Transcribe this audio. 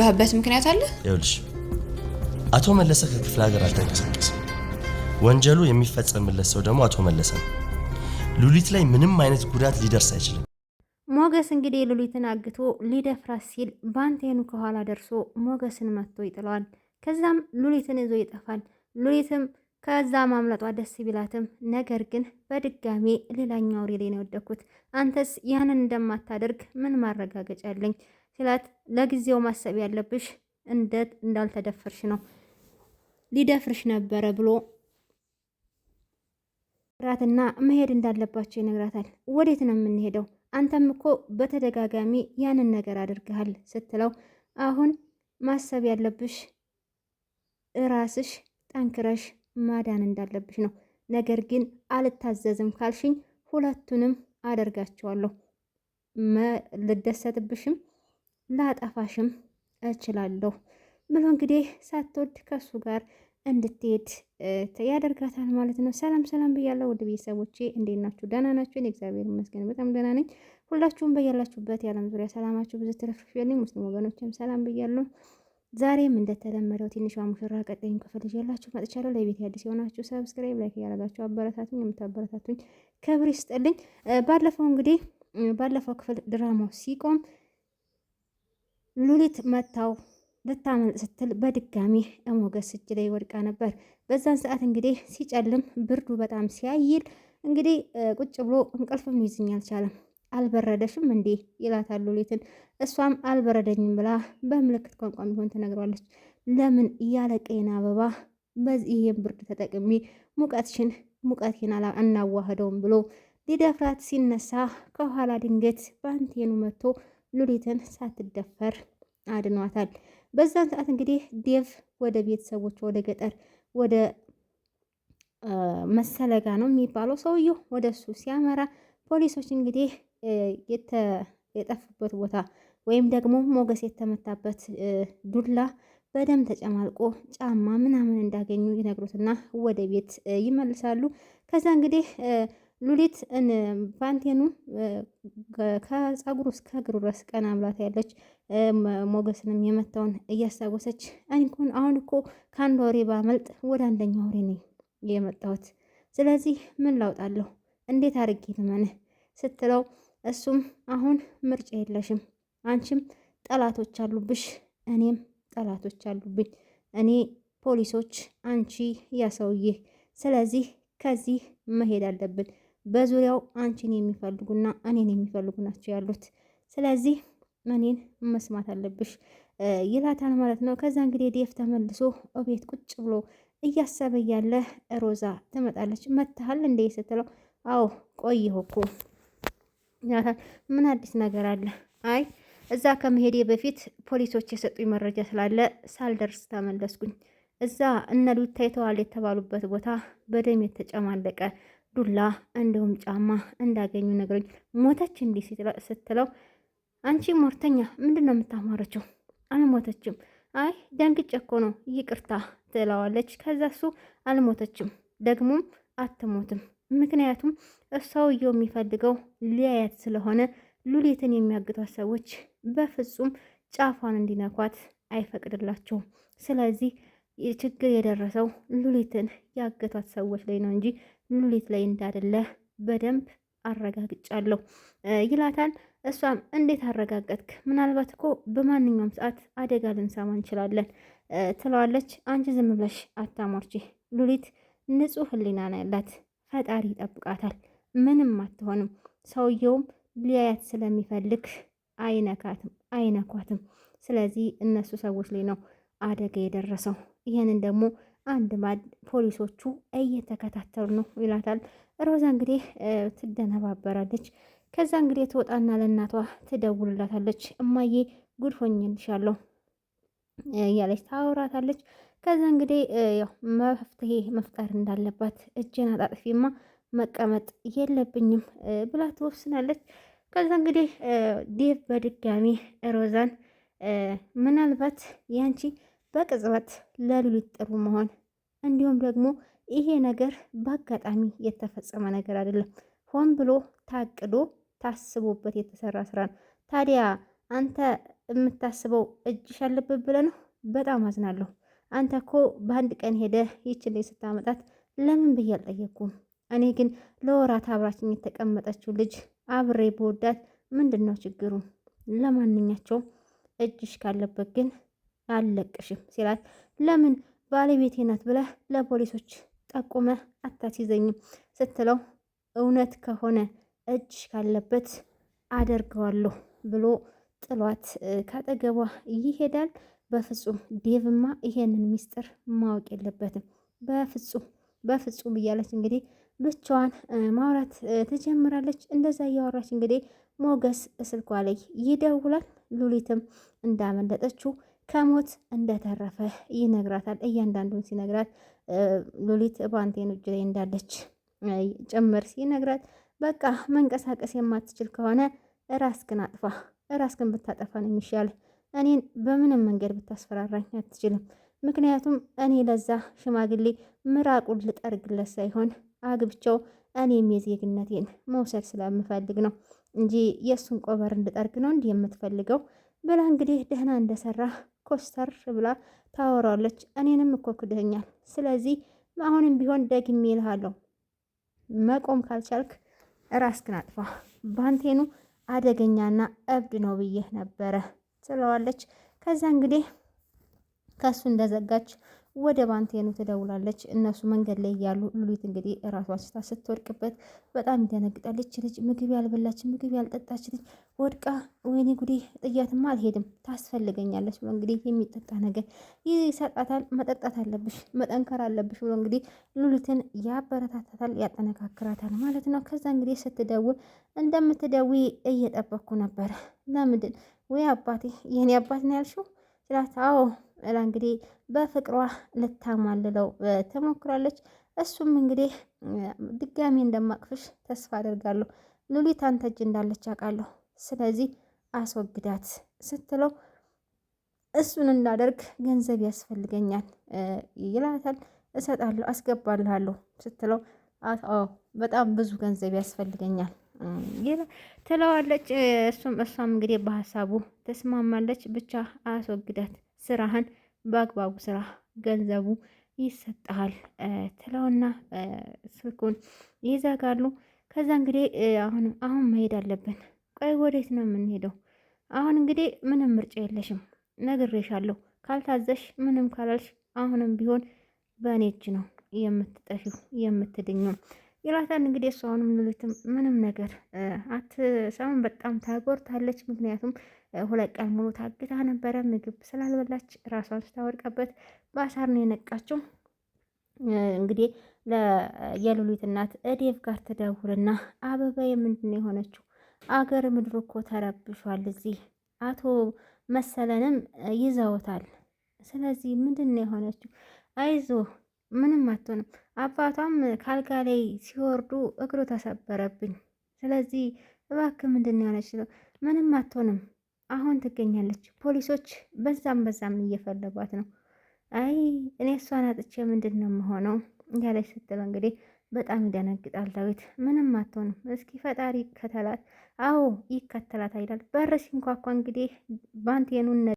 የዘጋህበት ምክንያት አለ? ይኸውልሽ አቶ መለሰ ከክፍለ ሀገር አልተንቀሳቀስም። ወንጀሉ የሚፈጸምለት ሰው ደግሞ አቶ መለሰ ነው። ሉሊት ላይ ምንም አይነት ጉዳት ሊደርስ አይችልም። ሞገስ እንግዲህ ሉሊትን አግቶ ሊደፍራት ሲል ባንቴኑ ከኋላ ደርሶ ሞገስን መጥቶ ይጥለዋል። ከዛም ሉሊትን ይዞ ይጠፋል። ሉሊትም ከዛ ማምለጧ ደስ ቢላትም ነገር ግን በድጋሜ ሌላኛው ሬሌን የወደኩት። አንተስ ያንን እንደማታደርግ ምን ማረጋገጫ አለኝ? ሲላት ለጊዜው ማሰብ ያለብሽ እንደት እንዳልተደፈርሽ ነው ሊደፍርሽ ነበረ ብሎ ራትና መሄድ እንዳለባቸው ይነግራታል። ወዴት ነው የምንሄደው? አንተም እኮ በተደጋጋሚ ያንን ነገር አድርገሃል ስትለው አሁን ማሰብ ያለብሽ እራስሽ ጠንክረሽ ማዳን እንዳለብሽ ነው። ነገር ግን አልታዘዝም ካልሽኝ ሁለቱንም አደርጋቸዋለሁ። ልደሰትብሽም ላጠፋሽም እችላለሁ ብሎ እንግዲህ ሳትወድ ከሱ ጋር እንድትሄድ ያደርጋታል ማለት ነው። ሰላም ሰላም ብያለሁ ውድ ቤተሰቦቼ፣ እንዴት ናችሁ? ደህና ናችሁ? እግዚአብሔር ይመስገን በጣም ደህና ነኝ። ሁላችሁም በያላችሁበት የዓለም ዙሪያ ሰላማችሁ ብዙ ትረፍርፍልኝ። ሙስሊም ወገኖችም ሰላም ብያለሁ። ዛሬም እንደተለመደው ትንሿ ሙሽራ ቀጣዩን ክፍል ይዤላችሁ መጥቻለሁ። ለቤት አዲስ የሆናችሁ ሰብስክራይብ፣ ላይክ እያደረጋችሁ አበረታቱኝ። የምታበረታቱኝ ክብር ይስጥልኝ። ባለፈው እንግዲህ ባለፈው ክፍል ድራማው ሲቆም ሉሊት መታው ልታመልጥ ስትል በድጋሚ ሞገስ እጅ ላይ ወድቃ ነበር። በዛን ሰዓት እንግዲህ ሲጨልም ብርዱ በጣም ሲያይል እንግዲህ ቁጭ ብሎ እንቅልፍም ይዝኝ አልቻለም። አልበረደሽም እንዴ ይላታል ሉሊትን። እሷም አልበረደኝም ብላ በምልክት ቋንቋ ቢሆን ተነግሯለች ለምን ያለ ቀይን አበባ በዚህ ብርድ ተጠቅሚ ሙቀትሽን ሙቀቴን እናዋህደውም ብሎ ሊደፍራት ሲነሳ ከኋላ ድንገት ባንቴኑ መጥቶ ሉሊትን ሳትደፈር አድኗታል። በዛን ሰዓት እንግዲህ ዴቭ ወደ ቤተሰቦች ወደ ገጠር ወደ መሰለጋ ነው የሚባለው ሰውየው ወደ እሱ ሲያመራ ፖሊሶች እንግዲህ የጠፉበት ቦታ ወይም ደግሞ ሞገስ የተመታበት ዱላ በደም ተጨማልቆ ጫማ ምናምን እንዳገኙ ይነግሩትና ወደ ቤት ይመልሳሉ። ከዛ እንግዲህ ሉሊት ባንቴኑ ከፀጉሩ እስከ እግሩ ድረስ ቀና ብላት ያለች ሞገስንም የመታውን እያስታወሰች አይንኩን አሁን እኮ ከአንድ ወሬ ባመልጥ ወደ አንደኛ ወሬ ነው የመጣሁት። ስለዚህ ምን ላውጣለሁ? እንዴት አድርጌ ልመንህ? ስትለው እሱም አሁን ምርጫ የለሽም። አንቺም ጠላቶች አሉብሽ፣ እኔም ጠላቶች አሉብኝ። እኔ ፖሊሶች፣ አንቺ ያሰውዬ። ስለዚህ ከዚህ መሄድ አለብን። በዙሪያው አንቺን የሚፈልጉና እኔን የሚፈልጉ ናቸው ያሉት። ስለዚህ እኔን መስማት አለብሽ ይላታል ማለት ነው። ከዛ እንግዲህ ዴፍ ተመልሶ እቤት ቁጭ ብሎ እያሰበ ያለ ሮዛ ትመጣለች። መታሃል እንደ ስትለው አዎ ቆየሁ እኮ ይላታል። ምን አዲስ ነገር አለ? አይ እዛ ከመሄዴ በፊት ፖሊሶች የሰጡኝ መረጃ ስላለ ሳልደርስ ተመለስኩኝ። እዛ እነ ሉታ የተባሉበት ቦታ በደም የተጨማለቀ ዱላ እንዲሁም ጫማ እንዳገኙ ነገሮች ሞተች እንዲህ ስትለው አንቺ ሞርተኛ ምንድን ነው የምታማረችው? አልሞተችም። አይ ደንግጬ እኮ ነው ይቅርታ ትለዋለች። ከዛ እሱ አልሞተችም፣ ደግሞም አትሞትም። ምክንያቱም ሰውየው የሚፈልገው ሊያያት ስለሆነ ሉሊትን የሚያግቷት ሰዎች በፍጹም ጫፏን እንዲነኳት አይፈቅድላቸውም። ስለዚህ ችግር የደረሰው ሉሊትን ያገቷት ሰዎች ላይ ነው እንጂ ሉሊት ላይ እንዳደለ በደንብ አረጋግጫለሁ ይላታል። እሷም እንዴት አረጋገጥክ? ምናልባት እኮ በማንኛውም ሰዓት አደጋ ልንሰማ እንችላለን ትለዋለች። አንቺ ዝም ብለሽ አታሟርቺ። ሉሊት ንጹሕ ሕሊና ያላት ፈጣሪ ይጠብቃታል። ምንም አትሆንም። ሰውየውም ሊያያት ስለሚፈልግ አይነካትም፣ አይነኳትም። ስለዚህ እነሱ ሰዎች ላይ ነው አደጋ የደረሰው ይህንን ደግሞ አንድ ማድ ፖሊሶቹ እየተከታተሉ ነው ይላታል። ሮዛ እንግዲህ ትደነባበራለች። ከዛ እንግዲህ ትወጣና ለእናቷ ትደውልላታለች። እማዬ ጉድ ሆኜልሻለሁ እያለች ታወራታለች። ከዛ እንግዲህ ያው መፍትሄ መፍጠር እንዳለባት እጄን አጣጥፊማ መቀመጥ የለብኝም ብላ ትወስናለች። ከዛ እንግዲህ ዴቭ በድጋሚ ሮዛን ምናልባት ያንቺ በቅጽበት ለሉሊት ጥሩ መሆን እንዲሁም ደግሞ ይሄ ነገር በአጋጣሚ የተፈጸመ ነገር አይደለም። ሆን ብሎ ታቅዶ ታስቦበት የተሰራ ስራ ነው። ታዲያ አንተ የምታስበው እጅሽ አለበት ብለህ ነው? በጣም አዝናለሁ። አንተ እኮ በአንድ ቀን ሄደ ይችን ልጅ ስታመጣት ለምን ብዬ አልጠየኩም? እኔ ግን ለወራት አብራችን የተቀመጠችው ልጅ አብሬ በወዳት ምንድን ነው ችግሩ? ለማንኛቸው እጅሽ ካለበት ግን አለቅሽም ሲላት ለምን ባለቤቴ ናት ብለህ ለፖሊሶች ጠቁመ አታስይዘኝም ስትለው እውነት ከሆነ እጅ ካለበት አደርገዋለሁ ብሎ ጥሏት ካጠገቧ ይሄዳል። በፍጹም ዴቭማ ይሄንን ሚስጥር ማወቅ የለበትም በፍጹም በፍጹም እያለች እንግዲህ ብቻዋን ማውራት ትጀምራለች። እንደዛ እያወራች እንግዲህ ሞገስ ስልኳ ላይ ይደውላል። ሉሊትም እንዳመለጠችው ከሞት እንደተረፈ ይነግራታል። እያንዳንዱን ሲነግራት ሉሊት ባንቴኑ እጅ ላይ እንዳለች ጭምር ሲነግራት በቃ መንቀሳቀስ የማትችል ከሆነ ራስክን አጥፋ፣ ራስክን ብታጠፋ ነው የሚሻል። እኔን በምንም መንገድ ብታስፈራራኝ አትችልም። ምክንያቱም እኔ ለዛ ሽማግሌ ምራቁን ልጠርግለት ሳይሆን አግብቸው እኔም የዜግነቴን መውሰድ ስለምፈልግ ነው እንጂ የእሱን ቆበር እንድጠርግ ነው እንዲህ የምትፈልገው ብላ እንግዲህ ደህና እንደሰራ ኮስተር ብላ ታወራለች። እኔንም እኮ ክደኛል። ስለዚህ አሁንም ቢሆን ደግሜ ይልሃለሁ፣ መቆም ካልቻልክ ራስክን አጥፋ። ባንቴኑ አደገኛና እብድ ነው ብዬ ነበረ ትለዋለች። ከዛ እንግዲህ ከሱ እንደዘጋች ወደ ባንቴኑ ትደውላለች። እነሱ መንገድ ላይ እያሉ ሉሊት እንግዲህ ራሷ ስታ ስትወድቅበት በጣም ይደነግጣለች። ልጅ ምግብ ያልበላች ምግብ ያልጠጣች ልጅ ወድቃ ወይኔ ጉዴ ጥያትማ አልሄድም ታስፈልገኛለች ብሎ እንግዲህ የሚጠጣ ነገር ይሰጣታል። መጠጣት አለብሽ መጠንከር አለብሽ ብሎ እንግዲህ ሉሊትን ያበረታታታል፣ ያጠነካክራታል ማለት ነው። ከዛ እንግዲህ ስትደውል እንደምትደዊ እየጠበኩ ነበር። ለምንድን ወይ አባቴ የኔ አባት ነው ያልሽው ስላት አዎ ብላ እንግዲህ በፍቅሯ ልታማልለው ትሞክራለች። እሱም እንግዲህ ድጋሜ እንደማቅፍሽ ተስፋ አደርጋለሁ፣ ሉሊት አንተ እጅ እንዳለች አውቃለሁ፣ ስለዚህ አስወግዳት ስትለው እሱን እንዳደርግ ገንዘብ ያስፈልገኛል ይላታል። እሰጣለሁ፣ አስገባልሃለሁ ስትለው በጣም ብዙ ገንዘብ ያስፈልገኛል ትለዋለች። እሱም እሷም እንግዲህ በሀሳቡ ተስማማለች። ብቻ አስወግዳት ስራህን በአግባቡ ስራ፣ ገንዘቡ ይሰጠሃል ትለውና ስልኩን ይዘጋሉ። ከዛ እንግዲህ አሁን አሁን መሄድ አለብን። ቆይ ወዴት ነው የምንሄደው? አሁን እንግዲህ ምንም ምርጫ የለሽም፣ ነግሬሻለሁ። ካልታዘሽ ምንም ካላልሽ አሁንም ቢሆን በእኔ እጅ ነው የምትጠፊው የምትድኘው። ይላታል። እንግዲህ እሷን ምንሉትም ምንም ነገር አትሰማም። በጣም ታጎርታለች። ምክንያቱም ሁለት ቀን ሙሉ ታግታ ነበረ። ምግብ ስላልበላች ራሷን ስታወድቀበት በአሳር ነው የነቃችው። እንግዲህ የሉሊት እናት እዴቭ ጋር ትደውልና አበባ የምንድን ነው የሆነችው? አገር ምድር እኮ ተረብሿል። እዚህ አቶ መሰለንም ይዘውታል። ስለዚህ ምንድን ነው የሆነችው? አይዞ ምንም አትሆንም አባቷም ካልጋ ላይ ሲወርዱ እግሩ ተሰበረብኝ። ስለዚህ እባክህ ምንድን ያለች ነው? ምንም አትሆንም። አሁን ትገኛለች። ፖሊሶች በዛም በዛም እየፈለጓት ነው። አይ እኔ እሷን አጥቼ ምንድን ነው የምሆነው እያለች ስትለው እንግዲህ በጣም ይደነግጣል ዳዊት። ምንም አትሆንም። እስኪ ፈጣሪ ይከተላት። አዎ ይከተላት አይላል። በር ሲንኳኳ እንግዲህ ባንቴኑን